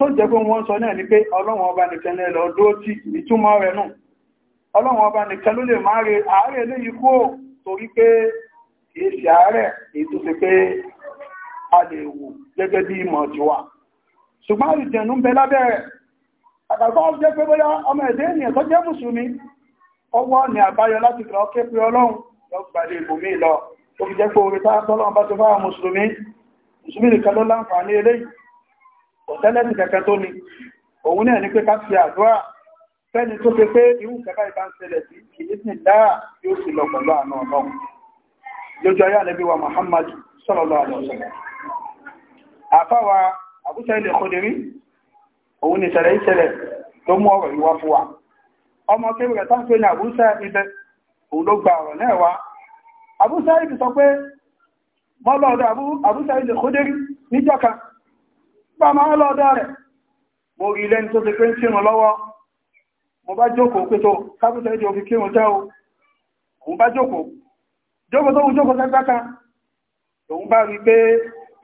tó jẹ́ pé wọ́n sọ náà ni pé ọlọ́run ọba nìkan lẹ́ lọ dúró tí ìtumọ̀ rẹ̀ nù ọlọ́run ọba nìkan ló lè máa re léyìí kó torí pé kìí ṣe pé a lè wò gẹ́gẹ́ bí ìmọ̀ ti wà ṣùgbọ́n àrìjẹ̀nú ń bẹ lábẹ́rẹ̀ àgbàgbọ́ jẹ́ pé bóyá ọmọ ẹ̀dẹ́ ènìyàn tó jẹ́ mùsùlùmí ọwọ́ ni àbáyọ láti lọ ké pé ọlọ́run lọ gbàdé ìbòmí lọ tó fi jẹ́ pé orí tá tọ́lọ́run bá ti fáwọn mùsùlùmí mùsùlùmí ọ̀tẹ́lẹ́sì kẹ́kẹ́ tó ní òun náà ní pé ká fi àdúrà fẹ́ni tó fi pé irú kẹta ìbá ń ṣẹlẹ̀ sí kìí sì dára yóò sì lọ pẹ̀lú àna ọlọ́run lójú ayé àlẹ́bí wa Muhammad sallallahu alaihi wasallam àfáwa àbúṣe ilẹ̀ kòdìrí òun ni ṣẹlẹ̀ ìṣẹlẹ̀ tó mú ọ̀rọ̀ wa ọmọ kébì rẹ̀ tán pé ní àbúṣe ibẹ̀ òun ló gba ọ̀rọ̀ náà wá àbúṣe ibi sọ pé mọ́lọ́dọ̀ àbúṣe ilẹ̀ kòdìrí níjọ́ pàmà ọlọ́ọ̀dọ́ rẹ̀ mo rí lẹ́ni tó ti pé ń kírun lọ́wọ́ mo bá jókòó pé tó kápútà ìdí òfin kírun tẹ́ o òun bá jókòó jókòó tó ń jókòó sẹ́gbá kan òun bá rí pé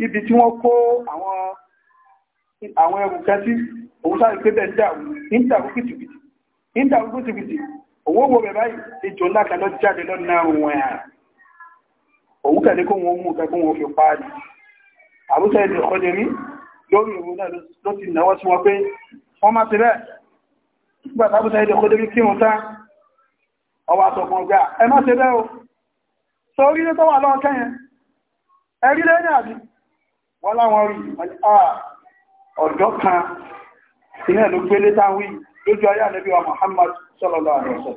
ibi tí wọ́n kó àwọn ẹrù kan sí òun sáré pé bẹ́ẹ̀ dà ní ìdàrú kìtìkìtì ní ìdàrú kìtìkìtì òun ó wo bẹ̀ báyìí ejò ńlá kan lọ jáde lọ́nà òun ẹ̀ wọn mú kẹ́kọ́ wọn fi pa á ní àbúṣe ìdìkọ́dẹ̀rí lórí ìwò náà ló ti náwọ́ sí wọn pé wọ́n má ti rẹ̀ nígbà tábù sáyé kó débi kí wọn tán ọwọ́ àtọ̀kùn ọgbà ẹ má ṣe bẹ́ẹ̀ o sọ orí ló tọ́wà lọ́wọ́ kẹ́yẹn ẹ rí lẹ́yìn àbí wọ́n láwọn rí ọ̀dọ́ kan ilé ló gbé lé táwí lójú ayé ànábì wa Muhammad sallallahu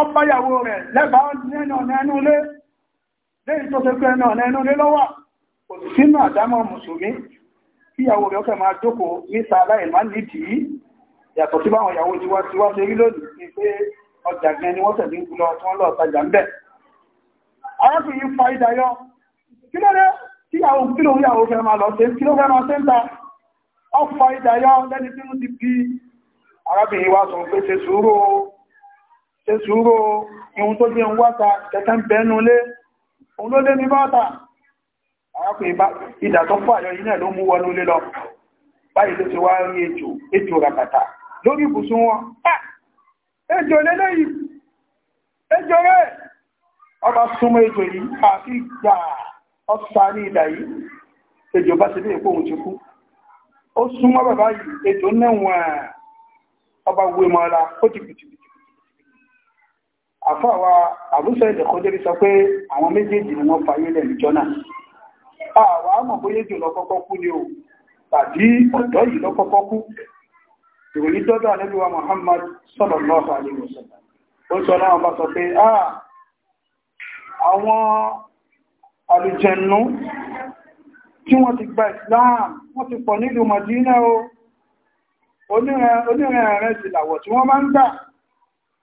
ọpáyàwó rẹ̀ lẹ́bàá nẹ́nà nẹ́nú lé lẹ́yìn tó tẹ́kọ́ ẹ̀nà nẹ́nú lé lọ́wà kò sí sínú àdámọ̀ mùsùlùmí kí ìyàwó rẹ̀ ọkẹ̀ máa jókòó níta aláìmá nídìí yàtọ̀ sí báwọn ìyàwó ti wá ti wá sórí lónìí ni pé ọjà ni wọ́n tẹ̀lé ń lọ tí wọ́n lọ tajà ń bẹ̀ arákùnrin fa ìdáyọ kí ló dé kí ìyàwó kí ló ìyàwó fẹ́ ṣe sùúrò ohun tó jẹ́ wáta kẹ̀kẹ́ ń bẹ̀ẹ́nu lé òun ló lé ní báta arákùnrin bá ìdà tó pọ̀ àyọ iná ló mú wọnú lé lọ báyìí ló ti wá rí ejò ejò ràbàtà lórí ibùsùn wọn ejò ọba súnmọ́ ejò yìí àfi gbà ọ̀sà ní ìdà yìí ejò bá ti ti kú ó súnmọ́ bàbá yìí ọba mọ́ra ó àfáàwà àbúṣẹ́ ìdẹ̀kọ́jẹ́rí sọ pé àwọn méjèèjì ni wọ́n fayé lẹ̀ níjọ́ náà àwọ̀ àmọ̀ bóyé jù lọ́kọ́kọ́ kú ni o tàbí ọ̀dọ́ yìí lọ́kọ́kọ́ kú ìròyìn dọ́dọ̀ alẹ́lúwa Muhammad sallallahu alaihi wasallam ó sọ náà bá sọ pé àwọn àlùjẹ̀nú tí wọ́n ti gba Islam wọ́n ti pọ̀ nílùú Madina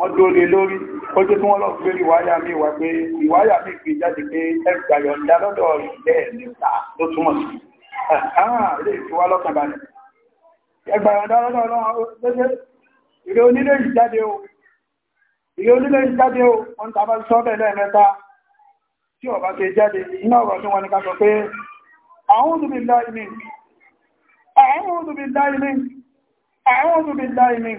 wọ́n dóre lórí ó jẹ́ tí wọ́n lọ gbé ìwáyà mi wà pé ìwáyà mi fi jáde pé ẹgbà yọ̀ǹda lọ́dọ̀ ilẹ̀ níta ló túmọ̀ sí ilé ìtiwá lọ́kàn balẹ̀ ẹgbà yọ̀ǹda lọ́dọ̀ lọ́wọ́ ilé onílé ìjáde o ilé onílé ìjáde o wọ́n tàbá sọ bẹ́ẹ̀ lẹ́ẹ̀mẹ́ta tí ọba ṣe jáde iná ọ̀rọ̀ tí wọ́n ní ká sọ pé a'udhu billahi min a'udhu billahi min a'udhu billahi min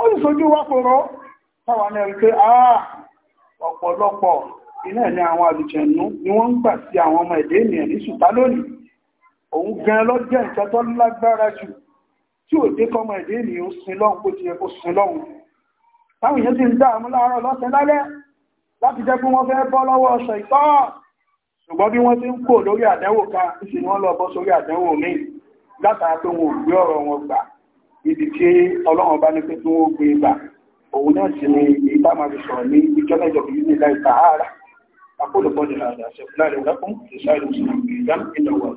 ó sì sojú wá pòrọ táwà náà rí pé àà ah, ọ̀pọ̀lọpọ̀ iná ní àwọn àlùjẹ̀nú ni wọ́n ń gbà sí àwọn ọmọ ẹ̀dẹ́ ènìyàn ní ṣùtá lónìí òun gan lọ́jẹ́ ìjọ tó lágbára jù tí ò dé kọmọ ẹ̀dẹ́ ènìyàn sin lọ́hun bó ti yẹ kó sin lọ́hun táwọn èèyàn ti ń dààmú láàárọ̀ lọ́sẹ̀ lálẹ́ láti jẹ́ pé wọ́n fẹ́ bọ́ lọ́wọ́ ọ̀sẹ̀ ìtọ́ ṣùgbọ́n bí wọ́n ti ń kò lórí àdánwò kan ìsìn wọn lọ bọ́ sórí àdánwò míì látara pé ọ̀rọ̀ wọn gbà ibi tí ọlọ́run bá ní pé tí wọ́n gbé ibà òun náà sì ni ìbá máa fi sọ̀rọ̀ ní ìjọ mẹ́jọ kìí ní láì tààrà akólòpọ̀ ní àdá ṣe láàrin ọ̀dọ́kùn ìṣáàlù ìṣúná ìdám ìnáwó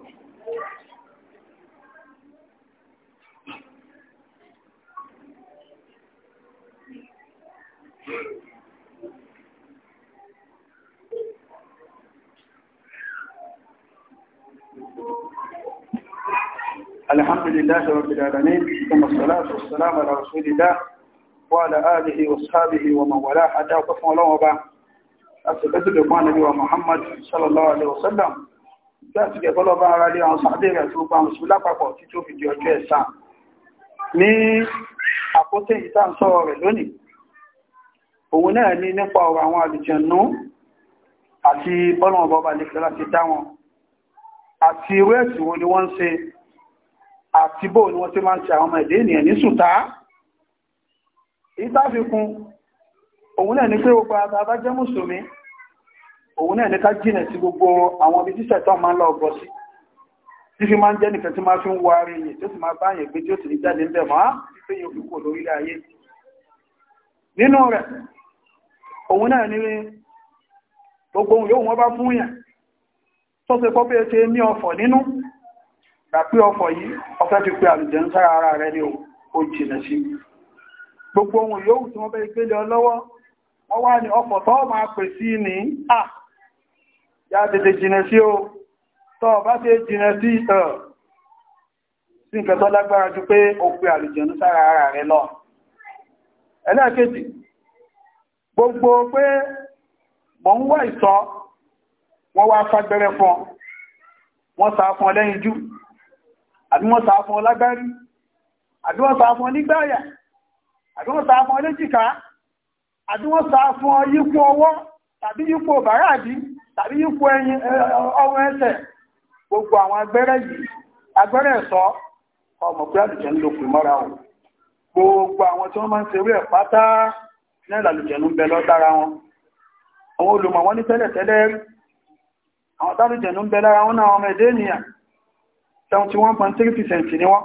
Thank you. الحمد لله رب العالمين ثم الصلاة والسلام على رسول الله وعلى آله وصحبه ومن والاه حتى وقفوا الله وبا أثبت بقوان نبي محمد صلى الله عليه وسلم láti jẹ́ bọ́lọ́bá ara lé àwọn sàádé rẹ̀ tó bá mùsùlùmí lápapọ̀ tí tó fi di ọjọ́ ẹ̀san ní àkótẹ́ ìta ń sọ̀rọ̀ rẹ̀ lónìí òun náà ní nípa ọ̀rọ̀ àwọn àlùjànnú àti bọ́lọ̀bọ̀ bá lè fẹ́ láti dá wọn àti irú ẹ̀sìn wo ni wọ́n ń àti bóò ni wọ́n ti máa ń ti àwọn ọmọ èdè ènìyàn ní sùtá ìtàfikún òun náà ní pé gbogbo àtàbá jẹ́ mùsùlùmí òun náà ní ká jìnà sí gbogbo àwọn ibi títẹ̀ tó máa ń lọ bọ̀ sí tí fi máa ń jẹ́ nìkan tí máa fi ń wá rí yìí tó sì máa bá yẹn gbé tí ó sì ní jáde ń mọ́ pé yóò fi kò lórílẹ̀ ayé nínú rẹ̀ òun náà ní gbogbo yóò wọ́n bá fún yàn tó ṣe pọ́ pé ṣe ní ọ̀fọ̀ nínú tàbí ọkọ̀ yìí ọfẹ́ ti pé àlùjẹun sára ara rẹ̀ ni ó jìnà sí gbogbo ohun yòówù tí wọ́n bẹ́ ìgbélé ọlọ́wọ́ wọ́n wá ní ọkọ̀ tó máa pè sí ní à yá tètè jìnà sí o tó bá ti jìnà sí ẹ̀ sí nǹkan tó lágbára ju pé ó pé àlùjẹun sára ara rẹ̀ lọ ẹlẹ́ẹ̀kejì gbogbo pé mọ̀ ń wá ìsọ wọ́n wá fagbẹ́rẹ́ fún wọ́n sá fún lẹ́yìn jù àbí wọ́n tàá fún ọlágbárí àbí wọ́n tàá fún onígbáyà àbí wọ́n tàá fún oléjìká àbí wọ́n tàá fún yípo ọwọ́ tàbí yípo bàrádì tàbí yípo ọwọ́ ẹsẹ̀ gbogbo àwọn agbẹ́rẹ́ yìí agbẹ́rẹ́ ẹ̀sọ́ ọmọ pé àlùjẹ́ ń lòpin mọ́ra wọn gbogbo àwọn tí wọ́n máa ń ṣerú ẹ̀ pátá náà làlùjẹ́ ń bẹ lọ́dára wọn àwọn olùmọ̀ wọn ní tẹ́lẹ̀tẹ́lẹ̀ rí àwọn tálùjẹ́ ń bẹ lára wọn náà ọmọ ẹ̀dẹ́ ènìyàn 71.3% ni wọ́n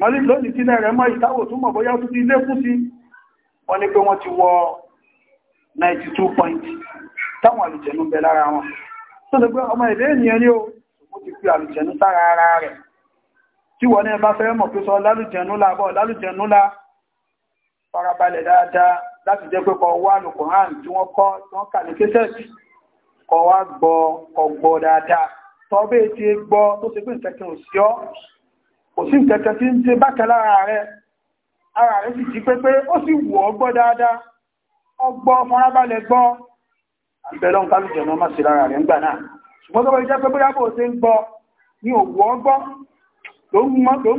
mọ́lí lónìí tí lẹ́rẹ̀ mọ́ ìtawò tún mọ̀ bóyá tún ti lékún sí wọ́n ní pé wọ́n ti wọ 92 point táwọn àlùjẹ̀nú bẹ lára wọn tó lè pé ọmọ ilé ènìyàn ní o mo ti fi àlùjẹ̀nú sára ara rẹ̀ tí wọ́n ní ẹ bá fẹ́ tọ́bẹ̀ ti gbọ́ tó ti pé ìtẹ̀kẹ́ òsí ọ́ kò sí ìtẹ̀kẹ́ tí ń ṣe bákẹ́ lára rẹ̀ ara rẹ̀ sì jí pépé ó sì wù ọ́ gbọ́ dáadáa ọgbọ́ fọ́nrábálẹ̀ gbọ́ àbẹ̀lọ́ ń kálùjẹ̀ náà má sí lára rẹ̀ ńgbà náà ṣùgbọ́n tó bá jẹ́ pé bóyá bó ṣe ń gbọ́ ní òwú ọgbọ́ tó ń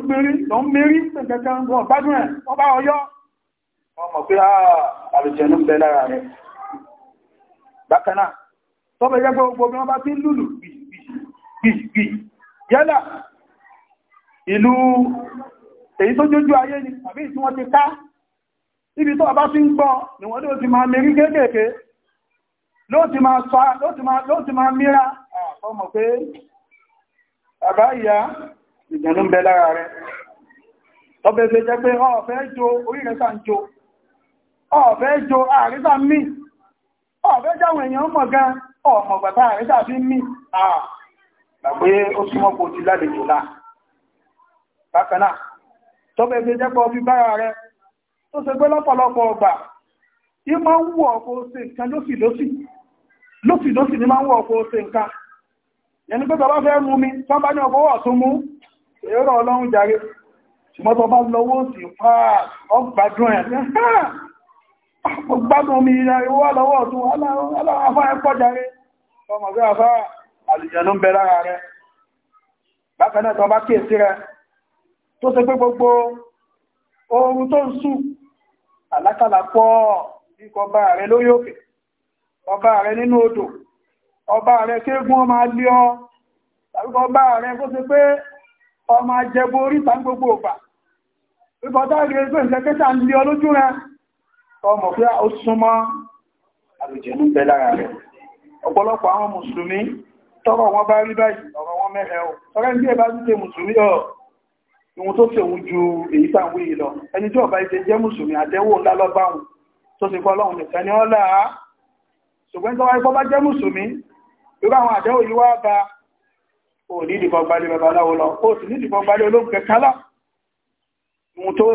mérí tó ń mérí kẹ́kẹ́ wọn gbádùn ẹ̀ wọ́n bá ọyọ́ wọ́n mọ̀ pé ah, àlùjẹ̀ ń bẹ lára rẹ̀ bákan náà tó bá jẹ́ pé gbogbo wọn bá ti lùlù bì gbìgbì yálà ìlú èyí tó jójú ayé ni àbí wọ́n ti ká ibi tó ọba fi ń gbọ́ ni wọ́n ló ti máa mẹ́rí kéèkèé ló ti máa sọ ló ti máa mìíra ọmọ pé bàbá ìyá ìjẹ̀lú ń bẹ lára rẹ̀ ọbẹ̀ jẹ́ pé ọ̀fẹ́ jo orí rẹ̀ sàn jo ọ̀fẹ́ jo mí ọ̀fẹ́ ọmọ fi mí gbàgbé ó súnmọ́ kò ti lálejò náà bákan náà tọ́bẹ̀ ṣe jẹ́pọ̀ fi bára rẹ tó ṣe gbé lọ́pọ̀lọpọ̀ ọgbà tí máa ń wọ̀ ọkọ̀ ṣe nǹkan lófìlófì lófìlófì ni máa ń wọ̀ ọkọ̀ ṣe nǹkan yẹni pé tọba fẹ́ mú mi tọ́ bá ní ọkọ̀ wọ̀ tó mú èrò ọlọ́run jàre ṣùgbọ́n tọba lọ́wọ́ sí pàà ọgbàdùn ẹ̀ gbádùn mi ìrìnàwó lọ́wọ́ tó aláwọ̀ afọ́ ẹ̀pọ̀ jàre ọmọ àlùjànnú ń bẹ lára rẹ̀ bákan náà tó bá kíyèsí rẹ̀ tó ṣe pé gbogbo oorun tó ń sùn àlákàlà pọ̀ ikọ̀ ọba rẹ̀ lórí òkè ọba rẹ̀ nínú odò ọba rẹ̀ kéégún ọmọ alẹ́ ọ tàbí ọba rẹ̀ kó ṣe pé ọmọ ajẹbo oríta ń gbogbo ògbà wípọ̀ dáàrí ẹgbẹ́ ìṣẹ́kẹ́ta ń lé ọlójú rẹ̀ ọmọ pé ó súnmọ́ àlùjànnú ń lára rẹ̀ ọ̀pọ̀lọpọ̀ àwọn mùsùlùmí tọrọ wọn bá rí báyìí ọ̀rọ̀ wọn mẹ́rẹ̀ ọ̀ ọ̀rẹ́ ní ẹbá ti ṣe mùsùlùmí ọ̀ ìwọ̀n tó ṣe òun ju èyí tàwọn èyí lọ ẹni tí ọba ìṣe jẹ́ mùsùlùmí àtẹ́wò ńlá lọ́báhùn tó ti kọ́ nìkan ni ọ́lá ṣùgbọ́n tó wáyé bọ́bá jẹ́ mùsùlùmí irú àwọn àtẹ́wò yìí wá bá ò ní ìdìbọn gbalẹ̀ babaláwo lọ ó sì ní ìdìbọn gbalẹ̀ olóògùn kẹkálá ìwọ̀n tó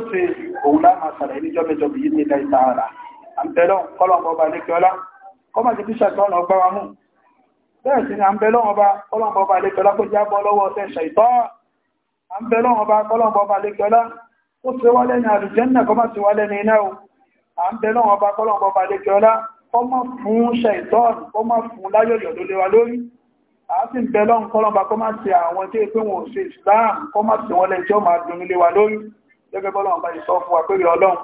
ṣe bẹ́ẹ̀ sí ni a ń bẹ lọ́wọ́ba ọlọ́mọba lẹ́kọ́lá kó jábọ́ lọ́wọ́ ọ̀sẹ̀ ṣàìtọ́ a ń bẹ lọ́wọ́ba ọlọ́mọba lẹ́kọ́lá ó ti wá lẹ́ni àlùjẹ́nà kọ́má ti wá lẹ́ni iná o a ń bẹ lọ́wọ́ba ọlọ́mọba lẹ́kọ́lá kọ́má fún ṣàìtọ́ kọ́má fún láyọ̀yọ̀ ló léwa lórí a sì ń bẹ lọ́wọ́ kọ́lọ́mọba kọ́má ti àwọn tí pé wọn ò ṣe Islam kọ́má ti wọn lẹ́jọ́ máa dùn léwa lórí gẹ́gẹ́ bọ́lọ́mọba ìsọ fún àpẹẹrẹ Ọlọ́run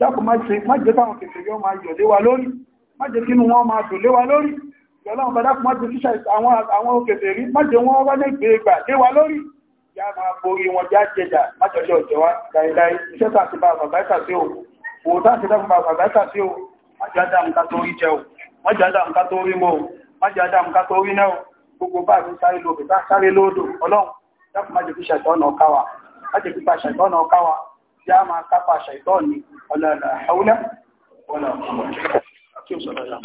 dákùn má jẹ́ káwọn kèfèrè yóò máa yọ̀ léwa lórí má jẹ́ kínú wọn máa dùn léwa lórí Ọlọ́run bẹ̀dá fún mọ́jú kíṣà àwọn òkèfè rí, mọ́jú wọn wá ní gbé ìgbà lé wa lórí. Ya máa borí wọn já jẹjà, májọ̀ṣẹ́ òjò wá, dáidái, iṣẹ́ tàbí bá bàbá ìsàtí ò, òótá ti dákùn bá bàbá ìsàtí ò, májọ̀dá nǹkan tó rí jẹ ò, májọ̀dá nǹkan tó rí mọ́ ò, májọ̀dá nǹkan tó rí náà ò, gbogbo bá mi sáré lóòdò, bá sáré lóòdò, Ọlọ́run, dákùn májọ kíṣà ìtọ́nà ọkáwà, májọ kíṣà ìtọ́nà ọkáwà, ya